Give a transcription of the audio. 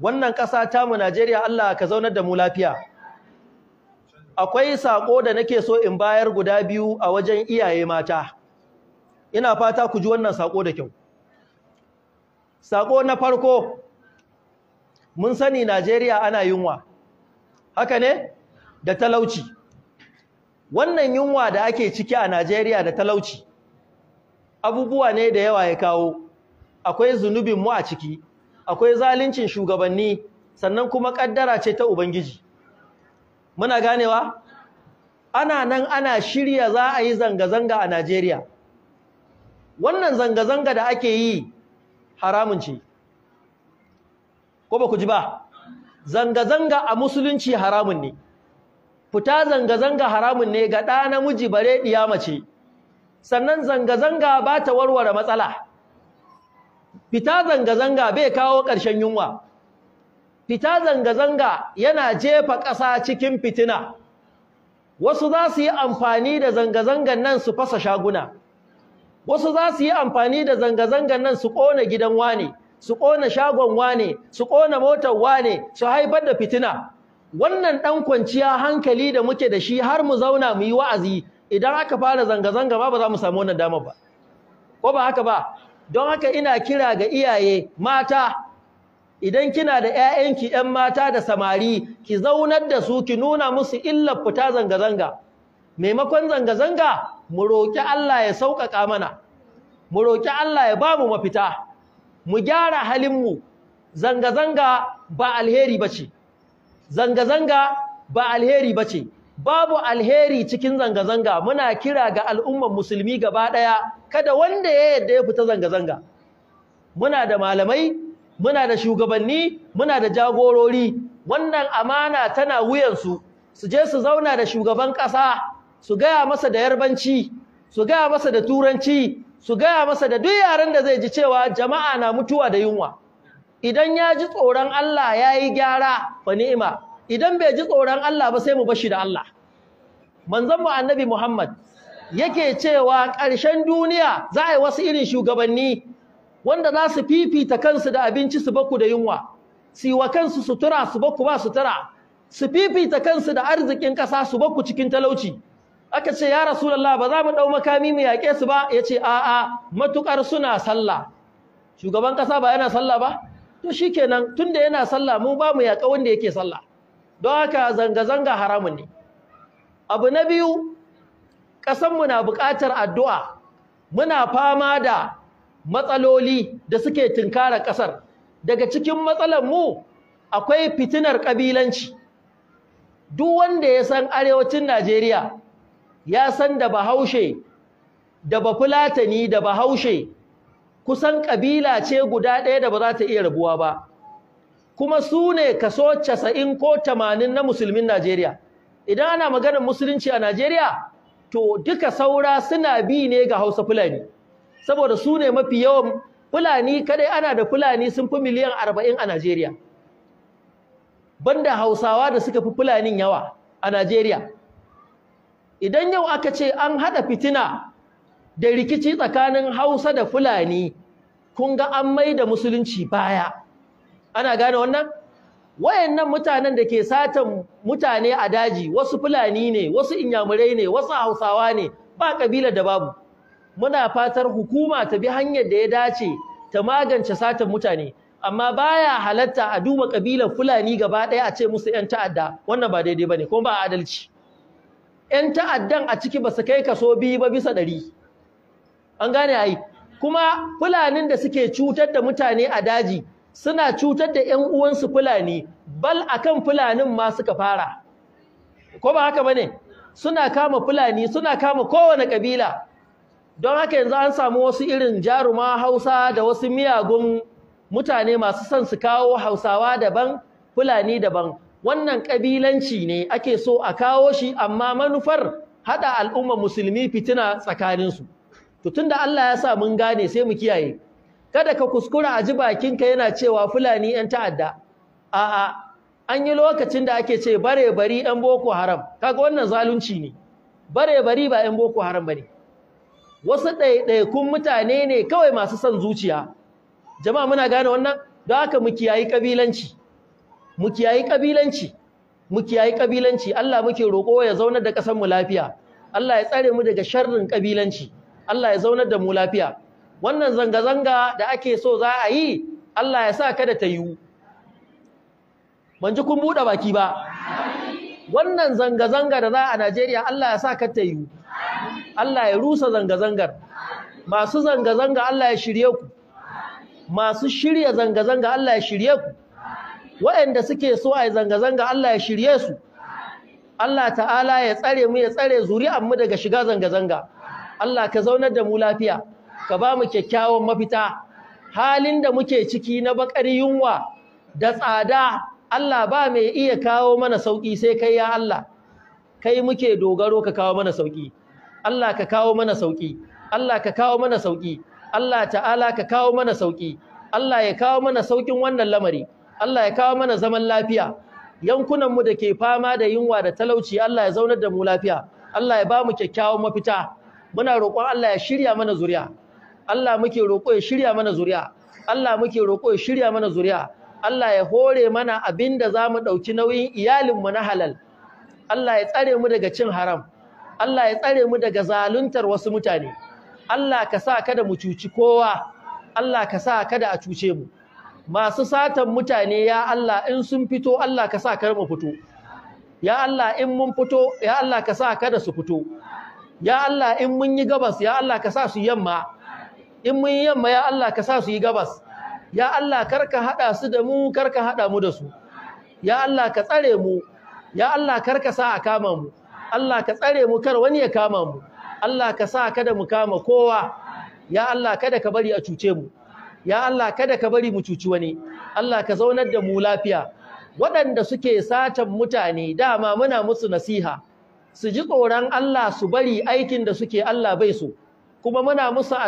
wannan ƙasa ta mu Najeriya Allah ka zaunar da mu lafiya akwai sako da nake so in bayar guda biyu a wajen iyaye mata ina fata ku ji wannan sako da kyau sako na farko mun sani Najeriya ana yunwa haka ne da talauci wannan yunwa da ake ciki a Najeriya da talauci abubuwa ne da yawa ya kawo akwai zunubin mu a ciki akwai zalincin shugabanni sannan kuma kaddara ce ta ubangiji muna ganewa ana nan ana shirya za a yi zanga-zanga a Najeriya wannan zanga-zanga da ake yi haramun ce ko ba ku ji ba zanga-zanga a musulunci haramun ne fita zanga-zanga haramun ne ga ɗa namiji bare ɗiya mace sannan zanga-zanga ba ta warware matsala fita zanga-zanga bai kawo ƙarshen yunwa fita zanga-zanga yana jefa ƙasa cikin fitina wasu za su yi amfani da zanga-zangan nan su fasa shaguna wasu za su yi amfani da zanga-zangan nan su ƙona gidan wane su ƙona shagon wane su ƙona motar wane su haifar da fitina wannan ɗan kwanciya hankali da muke da shi har mu zauna mu yi wa'azi idan aka fara zanga-zanga ba ba za mu samu wannan damar ba ko ba haka ba don haka ina kira ga iyaye mata idan kina da 'ya'yanki 'yan mata da samari ki zaunar da su ki nuna musu illar fita zanga-zanga maimakon zanga-zanga mu roƙi Allah ya sauƙaƙa mana mu roƙi Allah ya bamu mafita mu gyara halin mu, zanga-zanga ba alheri bace zanga-zanga ba alheri bace babu alheri cikin zanga-zanga muna kira ga al'ummar musulmi gaba ɗaya kada wanda ya yadda ya fita zanga-zanga muna da malamai muna da shugabanni muna da jagorori wannan amana tana wuyansu su je su zauna da shugaban ƙasa su gaya masa da yarbanci su gaya masa da turanci su gaya masa da duk yaren da zai ji cewa jama'a na mutuwa da yunwa idan ya ji tsoron Allah ya yi gyara fa ni'ima idan bai ji tsoron Allah ba sai mu bashi da Allah manzon mu annabi Muhammad yake cewa ƙarshen duniya za a yi wasu irin shugabanni wanda za su fifita kansu da abinci su baku da yunwa su yi wa kansu sutura su baku ba sutura su fifita kansu da arzikin ƙasa su baku cikin talauci aka ce ya rasulullah ba za mu ɗau makami mu yaƙe su ba yace ce a'a matukar suna sallah shugaban ƙasa ba yana sallah ba to shikenan tunda yana sallah mu ba mu yaƙa wanda yake sallah don haka zanga-zanga haramun ne abu na biyu ƙasanmu na buƙatar addu'a muna fama da matsaloli da suke tunkara ƙasar daga cikin mu akwai fitinar ƙabilanci duk wanda ya san arewacin najeriya ya san da bahaushe da bafulatani da bahaushe kusan ƙabila ce guda ɗaya da ba za ta iya rabuwa ba kuma su ne kaso casa'in ko tamanin na musulmin Najeriya idan ana maganar musulunci a Najeriya to duka saura suna bi ne ga Hausa Fulani saboda su ne mafi yawan Fulani kadai ana da Fulani sun fi miliyan arba'in a Najeriya banda Hausawa da suka fi Fulanin yawa a Najeriya idan yau aka ce an haɗa fitina da rikici tsakanin Hausa da Fulani kun ga an mai da musulunci baya ana gane wannan wayannan mutanen da ke satan mutane a daji wasu fulani ne wasu inyamurai ne wasu hausawa ne ba kabilar da babu muna fatar hukuma ta bi hanyar da ya dace ta magance satan mutane amma baya halatta a duba kabilar fulani gaba ɗaya a ce musu yan ta'adda wannan ba daidai bane kuma ba adalci yan ta'addan a ciki ba su kai kaso biyu ba bisa ɗari an gane ai kuma fulanin da suke cutar da mutane a daji suna cutar da 'yan uwansu fulani bal akan fulanin ma suka fara ko ba haka bane suna kama fulani suna kama kowane kabila don haka yanzu an samu wasu irin jaruma Hausa da wasu miyagun mutane masu son su kawo Hausawa daban fulani daban wannan kabilanci ne ake so a kawo shi amma manufar haɗa al'umma musulmi fitina tsakaninsu to tunda Allah ya sa mun gane sai mu kiyaye kada ka kuskura a ji bakinka yana cewa fulani yan ta'adda a'a an yi lokacin da ake ce bare bari yan boko haram kaga wannan zalunci ne bare bari ba yan boko haram bane wasu ɗaiɗaikun mutane ne kawai masu son zuciya jama'a muna gane wannan don haka mu kiyayi kabilanci mu kiyayi kabilanci mu kiyayi kabilanci Allah muke roƙo ya zaunar da ƙasar mu lafiya Allah ya tsare mu daga sharrin kabilanci Allah ya zaunar da mu lafiya wannan zanga-zanga da ake so za a yi Allah ya sa kada ta yiwu ban ji kun buɗe baki ba wannan zanga-zanga da za a Najeriya Allah ya sa ka ta yiwu Allah ya rusa zanga-zangar masu zanga-zanga Allah ya shirye ku masu shirya zanga-zanga Allah ya shirye ku waɗanda suke so a yi zanga-zanga Allah ya shirye su Allah ta'ala ya tsare mu ya tsare mu daga shiga zanga-zanga Allah ka zaunar da mu lafiya ka ba mu kyakkyawan mafita halin da muke ciki na bakar yunwa da tsada Allah ba mai iya kawo mana sauki sai kai ya Allah kai muke dogaro ka kawo mana sauki Allah ka kawo mana sauki Allah ka kawo mana sauki Allah ta'ala ka kawo mana sauki Allah ya kawo mana saukin wannan lamari Allah ya kawo mana zaman lafiya yankunan mu da ke fama da yunwa da talauci Allah ya zaunar da mu lafiya Allah ya ba mu kyakkyawan mafita muna roƙon Allah ya shirya mana zuriya Allah muke roƙo ya shirya mana zuriya Allah muke roƙo ya shirya mana zuriya Allah ya hore mana abin da za mu ɗauki nauyin iyalinmu na halal Allah ya tsare mu daga cin haram Allah ya tsare mu daga zaluntar wasu mutane Allah ka sa kada mu cuci kowa Allah ka sa kada a cuce mu masu satan mutane ya Allah in sun fito Allah ka sa kar mu fito ya Allah in mun fito ya Allah ka sa kada su fito ya Allah in mun yi gabas ya Allah ka sa su yamma in mun yi yamma ya Allah ka sa su yi gabas ya Allah karka hada su da mu karka hada mu da su ya Allah ka tsare mu ya Allah karka sa a kama mu Allah ka tsare mu kar wani ya kama mu Allah ka sa kada mu kama kowa ya Allah kada ka bari a cuce mu ya Allah kada ka bari mu cuci wani Allah ka zaunar da mu lafiya waɗanda suke satan mutane dama muna musu nasiha su ji tsoron Allah su bari aikin da suke Allah bai so kuma muna musu